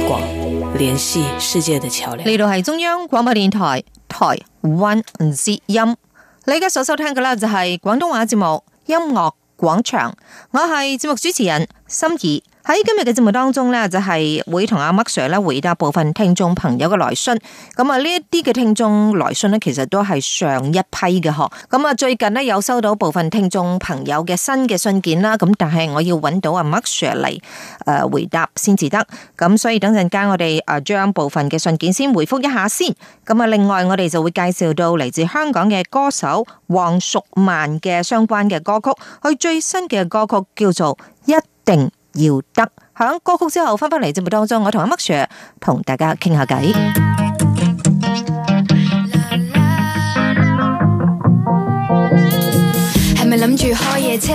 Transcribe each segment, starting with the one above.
廣聯繫世界的橋樑。呢度係中央廣播電台台灣之音，你而家所收聽嘅啦就係廣東話節目《音樂廣場》，我係節目主持人心怡。喺今日嘅節目當中呢就係、是、會同阿 Mark 師咧回答部分聽眾朋友嘅來信。咁啊，呢一啲嘅聽眾來信呢，其實都係上一批嘅。嗬，咁啊，最近呢有收到部分聽眾朋友嘅新嘅信件啦。咁但係我要揾到阿 Mark 師嚟誒回答先至得。咁所以等陣間我哋誒將部分嘅信件先回覆一下先。咁啊，另外我哋就會介紹到嚟自香港嘅歌手黃淑蔓嘅相關嘅歌曲，佢最新嘅歌曲叫做《一定》。要得，響歌曲之後翻返嚟節目當中，我同阿麥 Sir 同大家傾下偈，係咪諗住開夜車？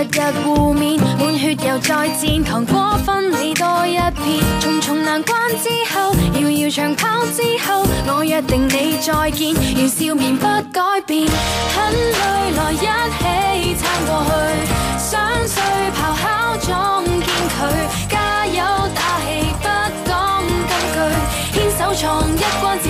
日日互勉，滿血又再戰，扛過分你多一撇，重重難關之後，遙遙長跑之後，我約定你再見，願笑面不改變。 很累來一起撐過去，想睡咆哮中見佢，加油打氣不講根據，牽手闖一關。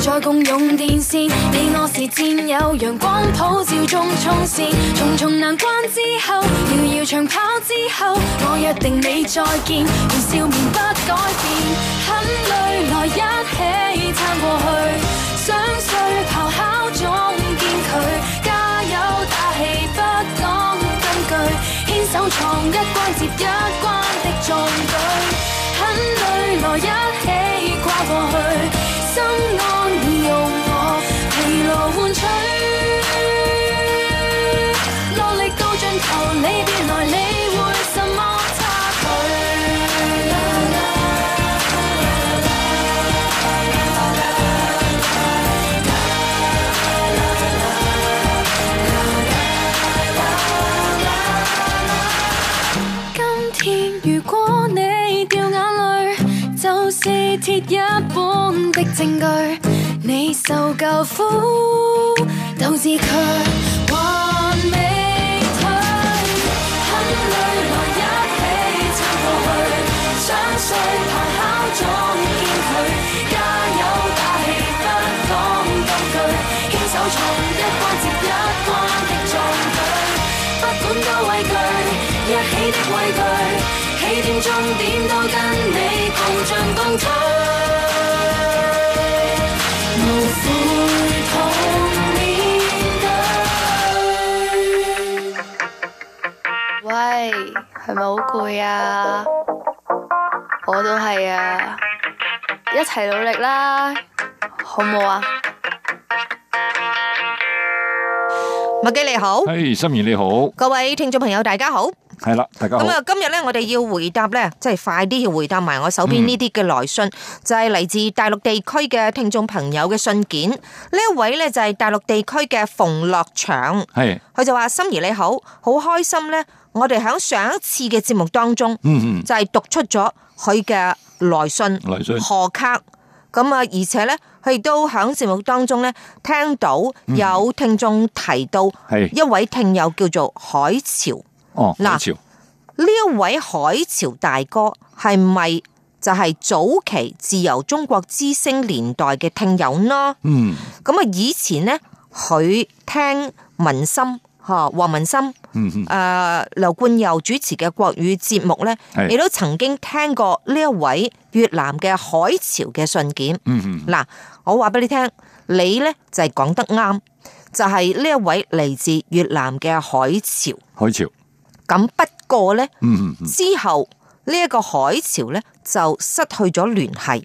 在共用電線，你我是戰友，陽光普照中衝線。重重難關之後，遙遙長跑之後，我約定你再見，願笑面不改變。很累，來一起撐過去。想睡咆哮中見佢，加油打氣不講根據，牽手闖一關接一關的壯舉。很累，來一起。證據，你受夠苦，鬥志却還未退。眼淚來一起撐過去，想碎、咆哮中堅拒，加油打氣不講根據，牽手闖一關接一關的壯舉。不管多畏懼，一起的畏懼，起點終點都跟你共進共退。喂，係咪好攰啊？我都係啊，一齊努力啦，好唔好啊？麥基你好，嘿，心儀你好，各位聽眾朋友大家好，係啦，大家好，咁啊，今日咧我哋要回答咧，即係快啲要回答埋我手邊呢啲嘅來信，就係嚟自大陸地區嘅聽眾朋友嘅信件。呢一位咧就係大陸地區嘅馮樂祥，係佢就話：心儀你好，好開心咧。我哋喺上一次嘅節目當中，嗯、就係讀出咗佢嘅來信，賀卡，咁啊，而且咧，佢都喺節目當中咧聽到、嗯、有聽眾提到一位聽友叫做海潮，嗱呢一位海潮大哥係咪就係早期自由中國之聲年代嘅聽友呢？嗯，咁啊，以前咧佢聽民心吓，王民心。嗯誒，劉、uh, 冠佑主持嘅國語節目咧，亦都是曾經聽過呢一位越南嘅海潮嘅信件。嗯嗯哼，嗱，我話俾你聽，你咧就係講得啱，就係、是、呢、就是、一位嚟自越南嘅海潮。海潮，咁不過咧、嗯，嗯嗯，之後呢一個海潮咧就失去咗聯繫，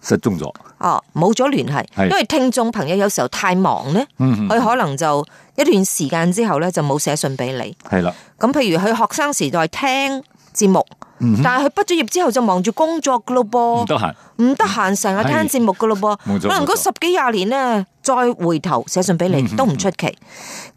失蹤咗。哦，冇咗聯繫，是因為聽眾朋友有時候太忙咧，佢、嗯、哼可能就。一段時間之後咧，就冇寫信俾你。係啦，咁譬如佢學生時代聽節目，嗯、哼 但係佢畢咗業之後就忙住工作咯噃。唔得閒，唔得閒，成日聽節目噶咯噃。可能嗰十幾廿年咧，再回頭寫信俾你、嗯、哼 都唔出奇。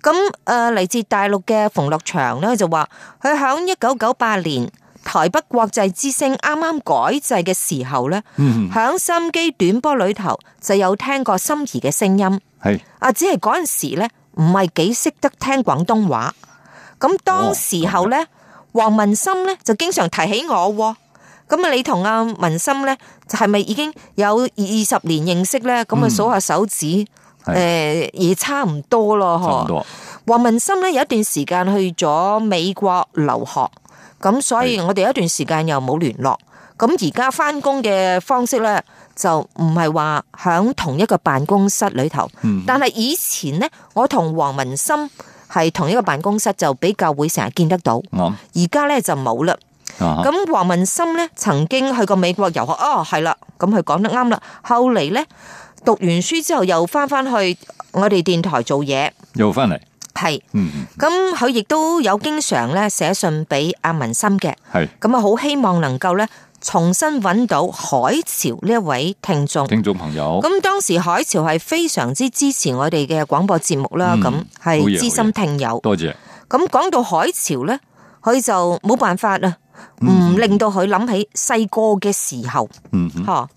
咁誒嚟自大陸嘅馮樂祥咧，就話佢喺一九九八年台北國際之星之聲啱啱改制嘅時候咧，響、嗯、哼 收音機短波裏頭就有聽過心儀嘅聲音。係啊是的，只係嗰陣時咧。唔係幾識得聽廣東話，咁當時候咧，黃文心咧就經常提起我，咁啊你同阿文心咧就係咪已經有二十年認識咧？咁啊數下手指，誒、嗯，也差唔多咯，差唔多，黃文心咧有一段時間去咗美國留學，咁所以我哋有一段時間又冇聯絡。咁而家翻工嘅方式呢，就唔係話喺同一個辦公室裏頭，嗯、哼但係以前呢，我同黃文心係同一個辦公室，就比較會成日見得到。而家、嗯、哼呢，就冇啦。咁黃、嗯、哼文心呢，曾經去過美國遊學，哦係啦，咁佢講得啱啦。後嚟呢，讀完書之後又翻翻去我哋電台做嘢，又翻嚟。係，咁佢亦都有經常咧寫信俾阿文心嘅，咁啊好希望能夠咧重新揾到海潮呢一位聽眾聽眾朋友，咁當時海潮係非常之支持我哋嘅廣播節目啦，咁係資深聽友，嗯、多謝。咁講到海潮咧，佢就冇辦法啦，唔令到佢諗起細個嘅時候，吓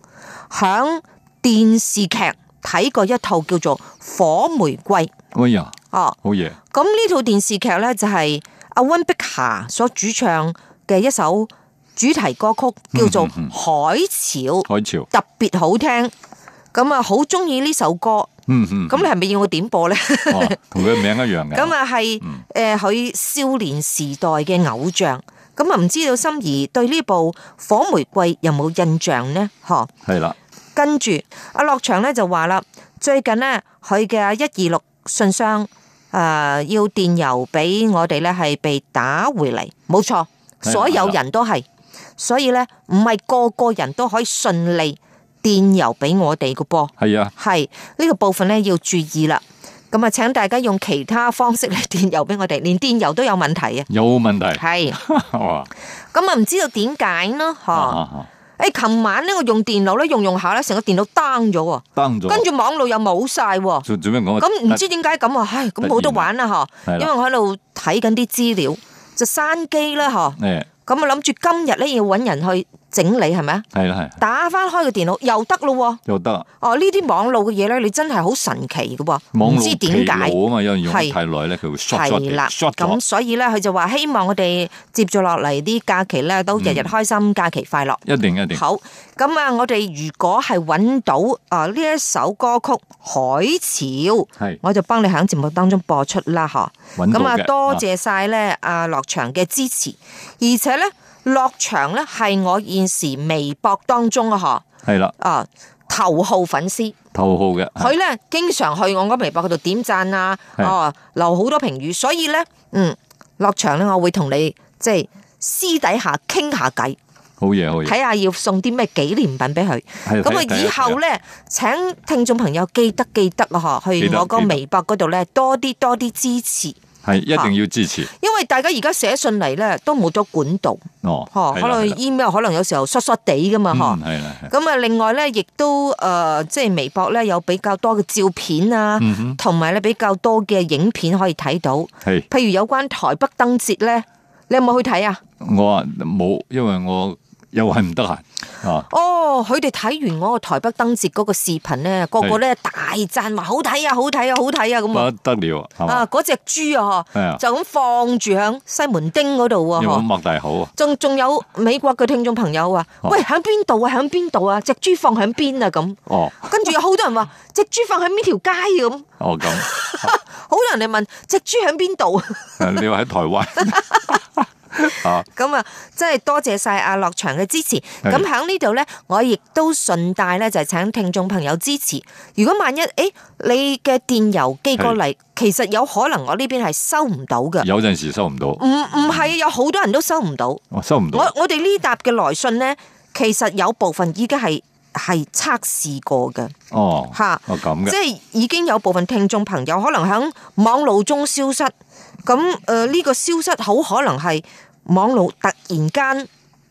響、嗯、哼電視劇。睇過一套叫做《火玫瑰》，哎、呀，哦，好嘢！咁呢套電視劇咧就係、是、阿溫碧霞所主唱嘅一首主題歌曲，叫做《海潮》， 海潮特別好聽。咁啊，好中意呢首歌，嗯嗯，咁你係咪要我點播咧？同佢個名一樣嘅。咁啊係，誒，佢少年時代嘅偶像。咁、嗯、啊，唔知道心儀對呢部《火玫瑰》有冇印象呢？嗬、哦，係啦。跟住阿樂祥咧就話啦，最近咧佢嘅一二六信箱誒、呃、要電郵俾我哋咧係被打回嚟，冇錯，啊、所有人都係，是啊、所以咧唔係個個人都可以順利電郵俾我哋個噃。係啊，係呢、呢個部分咧要注意啦。咁啊，請大家用其他方式嚟電郵俾我哋，連電郵都有問題啊，有問題係，咁啊唔知道點解咯，吓。 誒，琴晚咧我用電腦咧用用下咧，成個電腦 down 咗，down 咗，跟住網路又冇晒，咁唔知點解咁啊？那唉，咁冇得玩啦嗬，因為我喺度睇緊啲資料，就閂機啦嗬，咁了我諗住今日咧要搵人去。整理係咪啊？係啦，係打翻開個電腦又得咯，又得哦！呢啲網路嘅嘢咧，你真係好神奇噶噃，唔知點解。網路啊嘛，因為用太耐咧，佢會 short 咗嘅。係啦，咁所以咧，佢就話希望我哋接住落嚟啲假期咧，都日日開心，假期快樂。一定一定。好，咁啊，我哋如果係揾到啊呢一首歌曲《海潮》，係我就幫你喺節目當中播出啦，吓。揾到嘅。咁啊，多謝晒咧阿樂祥嘅支持，而且咧。落場咧係我現時微博當中嘅啊，嗬，係啦，啊頭號粉絲，頭號嘅，佢咧經常去我個微博嗰度點讚啊，哦，啊，留好多評語，所以咧，嗯，落場咧我會同你即係私底下傾下偈，好嘢好嘢，睇下要送啲咩紀念品俾佢，咁啊以後咧請聽眾朋友記得記得啊，嗬，去我個微博嗰度咧多啲多啲支持。係一定要支持，啊、因為大家而家寫信嚟咧都冇咗管道，哦，可能 email 的可能有時候疏疏哋噶嘛，嗬、嗯，咁啊，的另外咧亦都誒、呃，即係微博咧有比較多嘅照片啊，同埋咧比較多嘅影片可以睇到，係是，譬如有關台北燈節咧，你有冇去睇啊？我啊冇，因為我。又係唔得閒啊！哦，佢哋睇完我個台北燈節嗰個視頻咧，個個咧大讚，話好睇啊，好睇啊，好睇啊，咁啊不得了是啊！嗰隻豬啊，啊就咁放住喺西門町嗰度啊，嗬，擘大口啊！仲仲有美國嘅聽眾朋友說啊。喂，喺邊度啊？喺邊度啊？隻豬放喺邊啊？咁哦，啊、跟住有好多人話，隻豬、啊、放喺呢條街咁哦咁，好、啊啊、多人嚟問隻豬喺邊度你話喺台灣。 啊！咁 啊，真係多謝晒阿樂祥嘅支持。咁喺的呢度咧，我亦都順帶咧就請聽眾朋友支持。如果萬一誒、欸、你嘅電郵寄過嚟，的其實有可能我呢邊係收唔到嘅、嗯。有陣時收唔到。唔唔係，有好多人都收唔到。嗯哦、收唔到。我我哋呢沓嘅來信咧，其實有部分已經係係測試過嘅。哦。吓。咁嘅。即係已經有部分聽眾朋友可能喺網路中消失。咁誒，呢、呃這個消息好可能係網絡突然間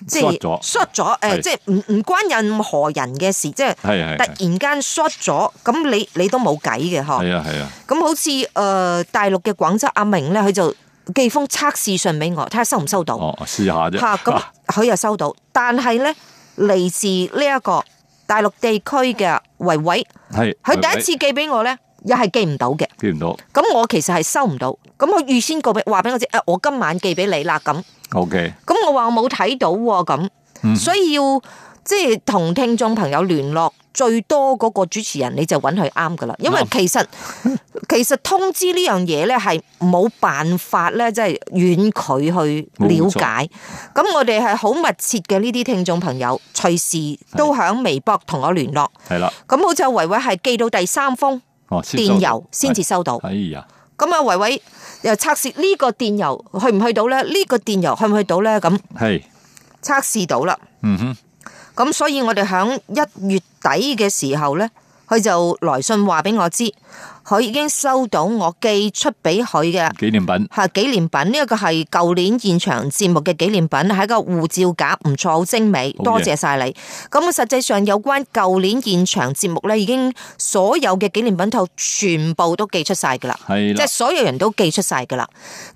即係 short 咗，誒，即係唔唔關任何人嘅事，是即係突然間了 short 咗，咁你你都冇計嘅嗬。係啊係啊。咁、啊、好似誒、呃，大陸嘅廣州阿明咧，佢就寄封測試信俾我，睇下收唔收到。哦，試下啫。吓、啊，咁、嗯、佢又收到，啊、但係咧嚟自呢一個大陸地區嘅維維，係佢是第一次寄俾我咧。又係寄唔到嘅，寄唔到。咁我其實係收唔到，咁我預先告俾話俾我知，誒，我今晚寄俾你啦。咁，O K。咁 Okay 我話我冇睇到喎，咁，嗯、所以要即係同聽眾朋友聯絡最多嗰個主持人，你就揾佢啱噶啦。因為其實、嗯、其實通知呢樣嘢咧，係冇辦法咧，即係遠距去了解。咁錯我哋係好密切嘅呢啲聽眾朋友，隨時都響微博同我聯絡。係啦的。咁好似維維係寄到第三封。電郵先至收到。哦，哎呀，咁啊維維又測試呢個電郵去唔去到呢？呢、呢個電郵去唔去到呢？咁係測試到啦，是嗯哼，咁、嗯、所以我哋響一月底嘅時候呢，佢就來信話俾我知。佢已經收到我寄出俾佢嘅紀念品，吓，紀念品呢一個係舊年現場節目嘅紀念品，係一個護照夾唔錯，好精美。的多謝晒你。咁、嗯、實際上有關舊年現場節目咧，已經所有嘅紀念品套全部都寄出曬噶啦，的即係所有人都寄出晒噶啦。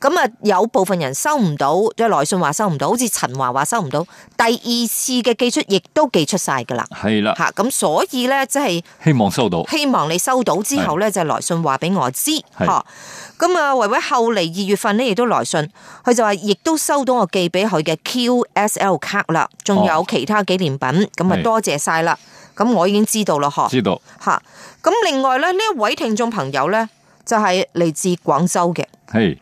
咁、嗯、啊，有部分人收唔到，即係來信話收唔到，好似陳華話收唔到，第二次嘅寄出亦都寄出晒噶啦。係啦的，嚇咁所以咧，即係希望收到，希望你收到之後咧，就。來信話俾我知，嗬是，咁啊維維後嚟二月份咧，亦都來信，佢就話亦都收到我寄俾佢嘅 QSL 卡啦，仲有其他紀念品，咁啊多謝晒啦，咁是我已經知道咯，嗬，知道，吓，咁另外咧呢一位聽眾朋友咧就係、是、嚟自廣州嘅，係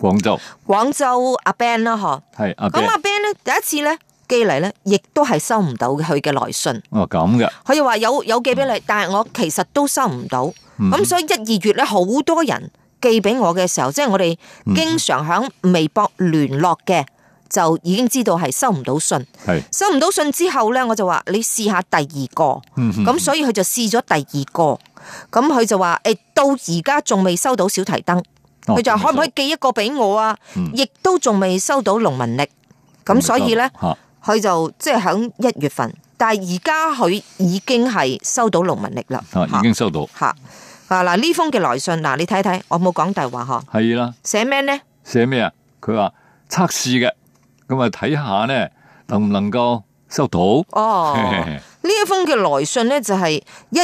廣州，廣州阿 Ben 啦，嗬，係是，咁阿 Ben 咧第一次咧寄嚟咧，亦都係收唔到佢嘅來信，哦咁嘅，佢就話有有寄俾你，嗯、但係我其實都收唔到。咁所以一二月咧，好多人寄俾我嘅時候，即係我哋經常喺微博聯絡嘅，就已經知道係收唔到信。係收唔到信之後咧，我就話你試下第二個。咁所以佢就試咗第二個，咁佢就話誒，到而家仲未收到小提燈，佢就可唔可以寄一個俾我啊？亦都仲未收到農民曆。咁所以咧，佢就即係喺一月份，但係而家佢已經係收到農民曆啦。啊，已經收到吓。啊！嗱，呢封嘅來信，嗱、啊，你睇睇，我冇講大話嗬，係啦的，寫咩呢？寫咩啊？佢話測試嘅，咁啊，睇下呢，能唔能夠收到？哦，呢 一封嘅來信呢，就係、是、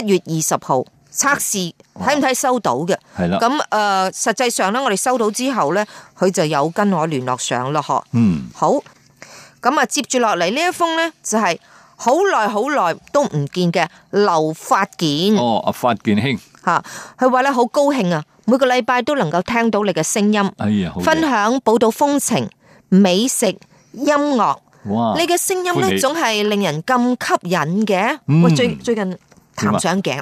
一月二十號測試，睇唔睇收到嘅？係啦的，咁誒、呃，實際上咧，我哋收到之後咧，佢就有跟我聯絡上咯，嗬、嗯，嗯，好，咁啊，接住落嚟呢一封咧，就係好耐好耐都唔見嘅劉發健哦，阿發健兄。吓，佢話咧好高興啊！每個禮拜都能夠聽到你嘅聲音，分享寶島風情、美食、音樂。哇！你嘅聲音咧，總係令人咁吸引嘅。喂，最最近痰上頸，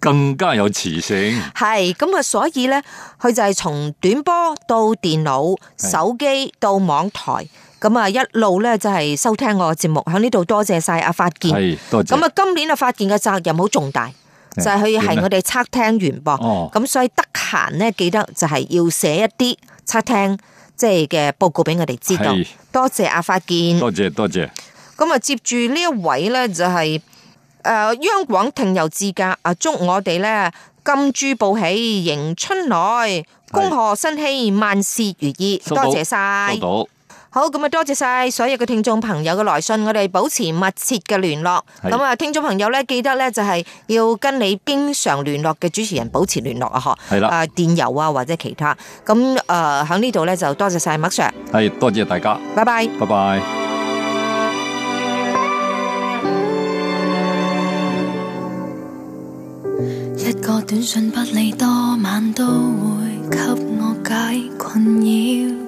更加有磁性。係咁啊，所以咧，佢就係從短波到電腦、手機到網台，咁啊一路咧就係收聽我嘅節目。喺呢度多謝晒阿發建，係多謝。咁啊，今年阿發建嘅責任好重大。就係可以係我哋測聽完噃。咁、嗯、所以得閒呢，記得就係要寫一啲測聽即係嘅報告俾我哋知道。是多謝阿發建，多謝多謝。咁啊，接住呢一位，就是呃、呢，就係誒央廣聽友志嘉，啊祝我哋呢金豬報喜迎春來，恭賀新禧，萬事如意。多謝晒。好，咁啊，多謝晒所有嘅聽眾朋友嘅來信，我哋保持密切嘅聯絡。咁啊，聽眾朋友咧，記得咧就係要跟你經常聯絡嘅主持人保持聯絡啊，嗬。係啦，啊電郵啊或者其他。咁誒，喺呢度咧就多謝晒麥 Sir。係，多謝大家。拜拜，拜拜。一個短信不理多晚都會給我解困擾。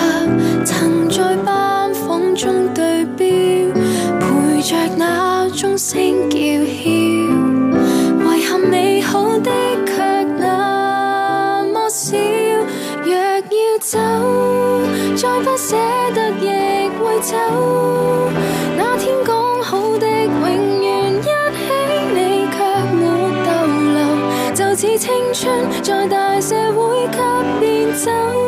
捨得亦會走，那天講好的永遠一起，你卻沒逗留，就似青春在大社會給變走。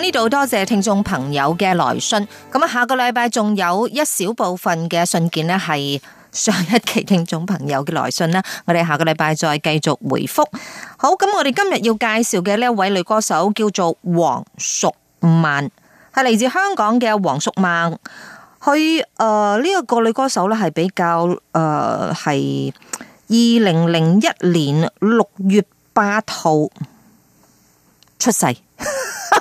呢度多謝聽眾朋友嘅來信，咁啊下個禮拜仲有一小部分嘅信件呢係上一期聽眾朋友嘅來信啦，我哋下個禮拜再繼續回覆。好，咁我哋今日要介紹嘅呢一位女歌手叫做黃淑蔓，係嚟自香港嘅黃淑蔓。佢誒呢個女歌手呢係比較誒係二零零一年六月八號出世。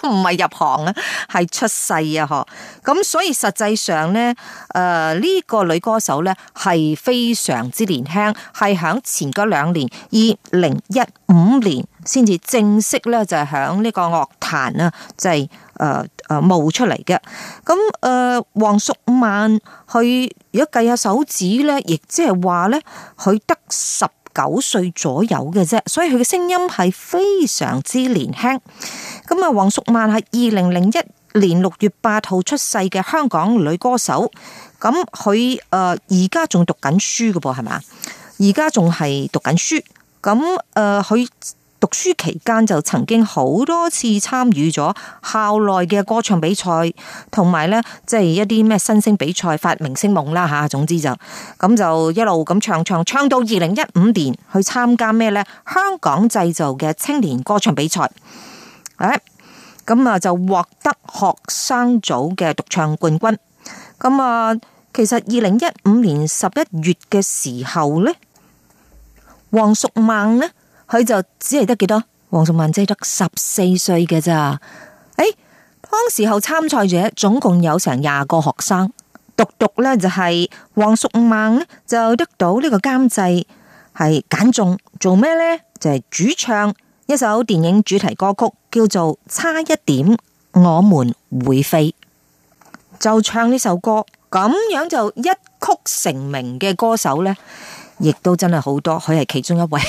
唔係 入行啊，係出世啊，嗬！咁所以實際上咧，誒、呃、呢、這個女歌手咧係非常之年輕，係響前嗰兩年，二零一五年先至正式咧就係響呢個樂壇啊，就係誒誒冒出嚟嘅。咁誒、呃，黃淑蔓，佢如果計下手指咧，亦即係話咧，佢得十九歲左右嘅啫，所以佢嘅聲音係非常之年輕。咁啊，黃淑蔓係二零零一年六月八號出世嘅香港女歌手。咁佢誒而家仲讀緊書噶噃，係咪？而家仲係讀緊書。咁誒，佢讀，讀書期間就曾經好多次參與咗校內嘅歌唱比賽，同埋咧即係一啲咩新星比賽、發明星夢啦吓。總之就咁就一路咁唱唱唱到二零一五年去參加咩咧？香港製造嘅青年歌唱比賽。咁啊、哎、就獲得學生組嘅獨唱冠軍。咁啊，其實二零一五年十一月嘅時候呢，黃淑蔓呢，佢就只係得幾多？黃淑蔓只係得十四歲嘅咋？誒、哎，當時候參賽者總共有成廿個學生，獨獨呢，就係、是、黃淑蔓呢，就得到呢個監製係揀中做咩呢？就係、是、主唱。一首電影主題歌曲叫做《差一點我們會飛》，就唱呢首歌，咁樣就一曲成名嘅歌手呢，亦都真係好多，佢係其中一位，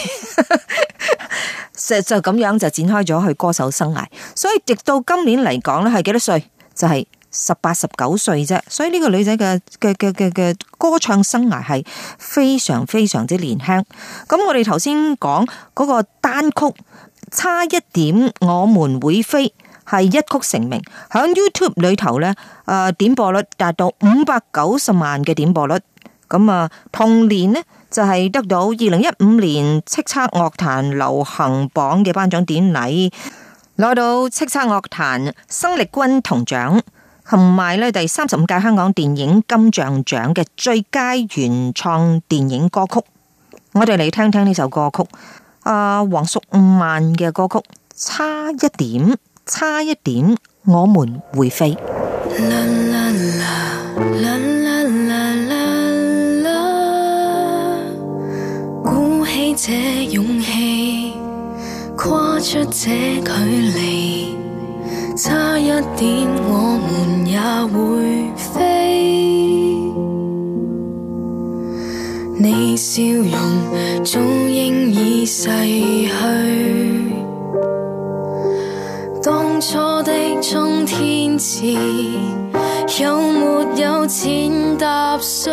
就咁樣就展開咗佢歌手生涯。所以直到今年嚟講呢，係幾多歲？就係十八、十九歲啫。所以呢個女仔嘅嘅嘅嘅歌唱生涯係非常非常之年輕。咁我哋頭先講嗰個單曲。差一點我們會飛係一曲成名，喺 YouTube 裏頭呢，誒、呃、點播率達到五百九十萬嘅點播率。咁啊，同年呢，就係、是、得到二零一五年叱咤樂，樂壇流行榜嘅頒獎典禮，攞到叱咤樂，樂壇生力軍銅獎，同埋咧第三十五屆香港電影金像獎嘅最佳原創電影歌曲。我哋嚟聽聽呢首歌曲。阿、呃、黃淑蔓嘅歌曲《差一點，差一點，我們會飛》啦啦啦。啦啦啦啦啦啦啦，鼓起這勇氣，跨出這距離，差一點，我們也會飛。你笑容，早應已逝去。當初的衝天志，有沒有踐踏碎？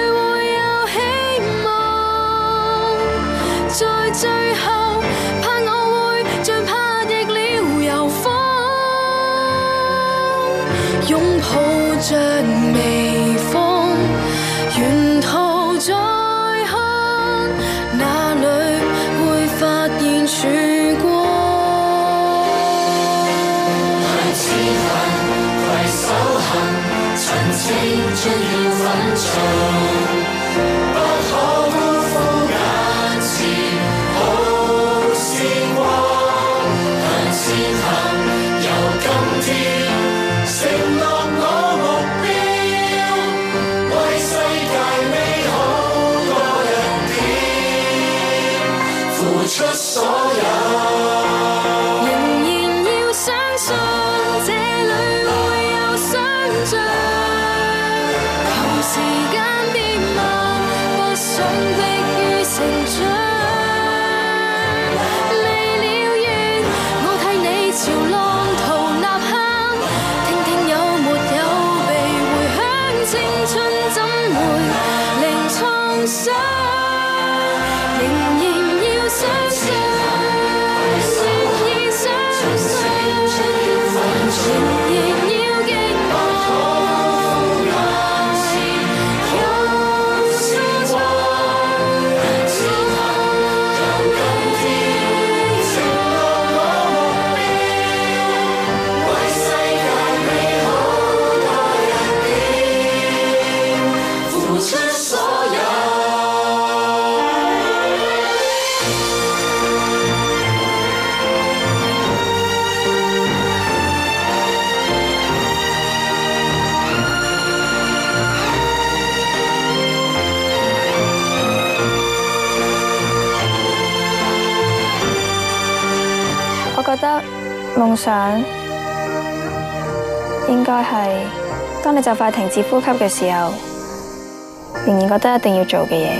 在最後，怕我會像怕翼了遊風，擁抱着微風，沿途再看，哪裏會發現曙光？海似銀，回首恨，晨曦出現晚晴。當你就快停止呼吸嘅時候，仍然覺得一定要做嘅嘢，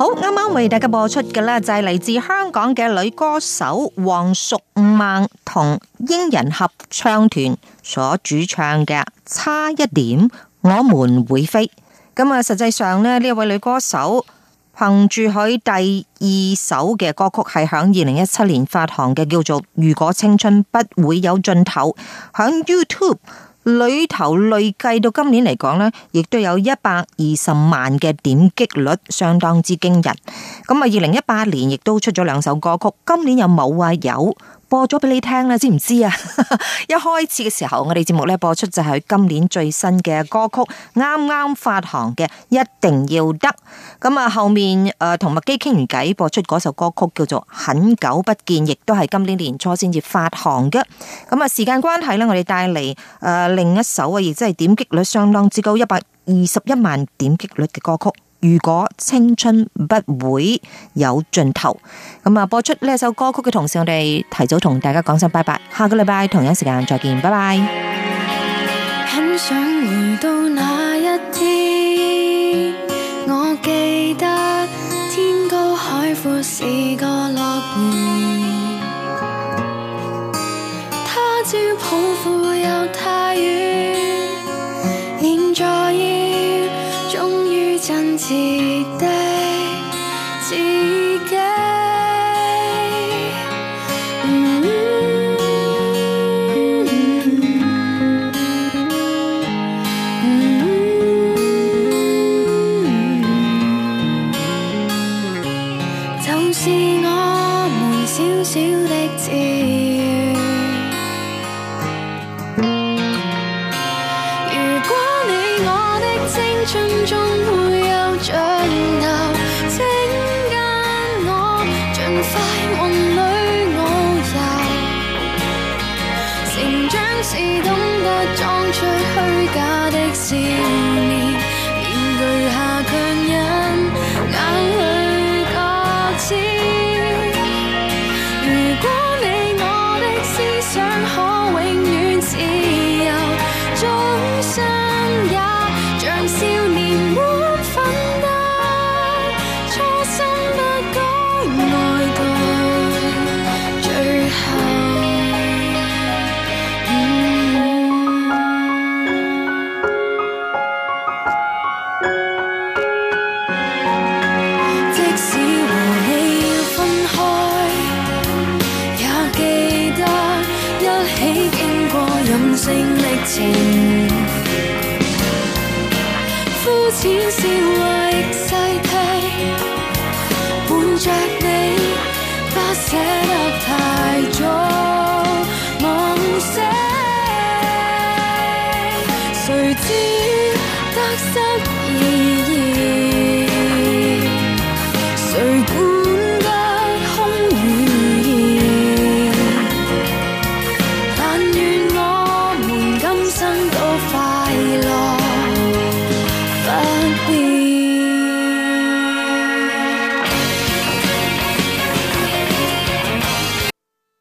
好，啱啱為大家播出嘅呢，就係嚟自香港嘅女歌手黃淑蔓同英人合唱團所主唱嘅《差一點我們會飛》。咁啊，實際上咧，呢位女歌手憑住佢第二首嘅歌曲，係喺二零一七年發行嘅，叫做《如果青春不會有盡頭》，喺 YouTube 裏頭累計到今年嚟講呢亦都有一百二十萬嘅點擊率，相當之驚人。咁啊，二零一八年亦都出咗兩首歌曲，今年又冇話有，啊，有。播咗俾你聽咧，知唔知啊？一開始嘅時候，我哋節目咧播出就係今年最新嘅歌曲，啱啱發行嘅《一定要得》咁啊。後面誒同麥基傾完偈，播出嗰首歌曲叫做《很久不見》，亦都係今年年初先至發行嘅。咁啊，時間關係呢，我哋帶嚟誒另一首啊，亦即係點擊率相當之高，一百二十一萬點擊率嘅歌曲。如果青春不會有盡頭，咁啊播出呢首歌曲嘅同時，我哋提早同大家講聲拜拜，下個禮拜同樣時間再見，拜拜。很想回到那一天，我記得天高海闊是個樂是的，自己嗯嗯。嗯，就是我們小小的自己。